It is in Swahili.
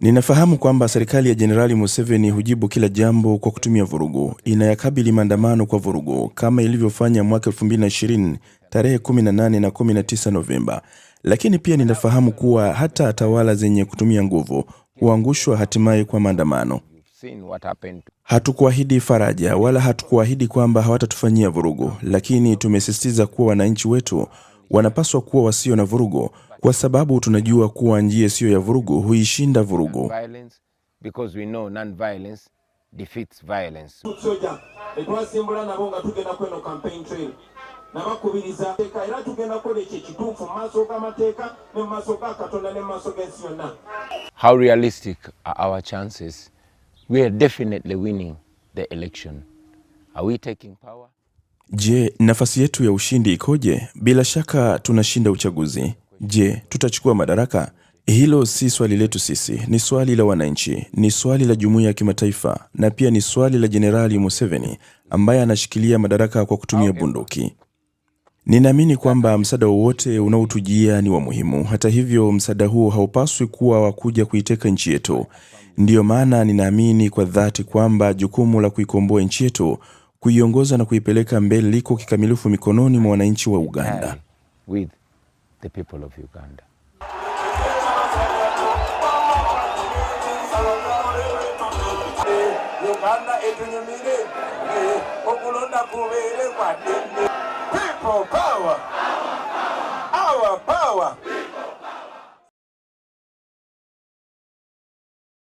Ninafahamu kwamba serikali ya Jenerali Museveni hujibu kila jambo kwa kutumia vurugu. Inayakabili maandamano kwa vurugu kama ilivyofanya mwaka 2020 tarehe 18 na 19 Novemba. Lakini pia ninafahamu kuwa hata tawala zenye kutumia nguvu huangushwa hatimaye kwa maandamano. Hatukuahidi faraja wala hatukuahidi kwamba hawatatufanyia vurugu, lakini tumesisitiza kuwa wananchi wetu wanapaswa kuwa wasio na vurugu, kwa sababu tunajua kuwa njia isiyo ya vurugu huishinda vurugu. How realistic are our chances? We are definitely winning the election. Are we taking power? Je, nafasi yetu ya ushindi ikoje? Bila shaka tunashinda uchaguzi. Je, tutachukua madaraka? Hilo si swali letu sisi, ni swali la wananchi, ni swali la jumuiya ya kimataifa, na pia ni swali la Jenerali Museveni ambaye anashikilia madaraka kwa kutumia bunduki. Ninaamini kwamba msaada wowote unaotujia ni wa muhimu. Hata hivyo, msaada huo haupaswi kuwa wa kuja kuiteka nchi yetu. Ndiyo maana ninaamini kwa dhati kwamba jukumu la kuikomboa nchi yetu kuiongoza na kuipeleka mbele liko kikamilifu mikononi mwa wananchi wa Uganda. With the people of Uganda. Uganda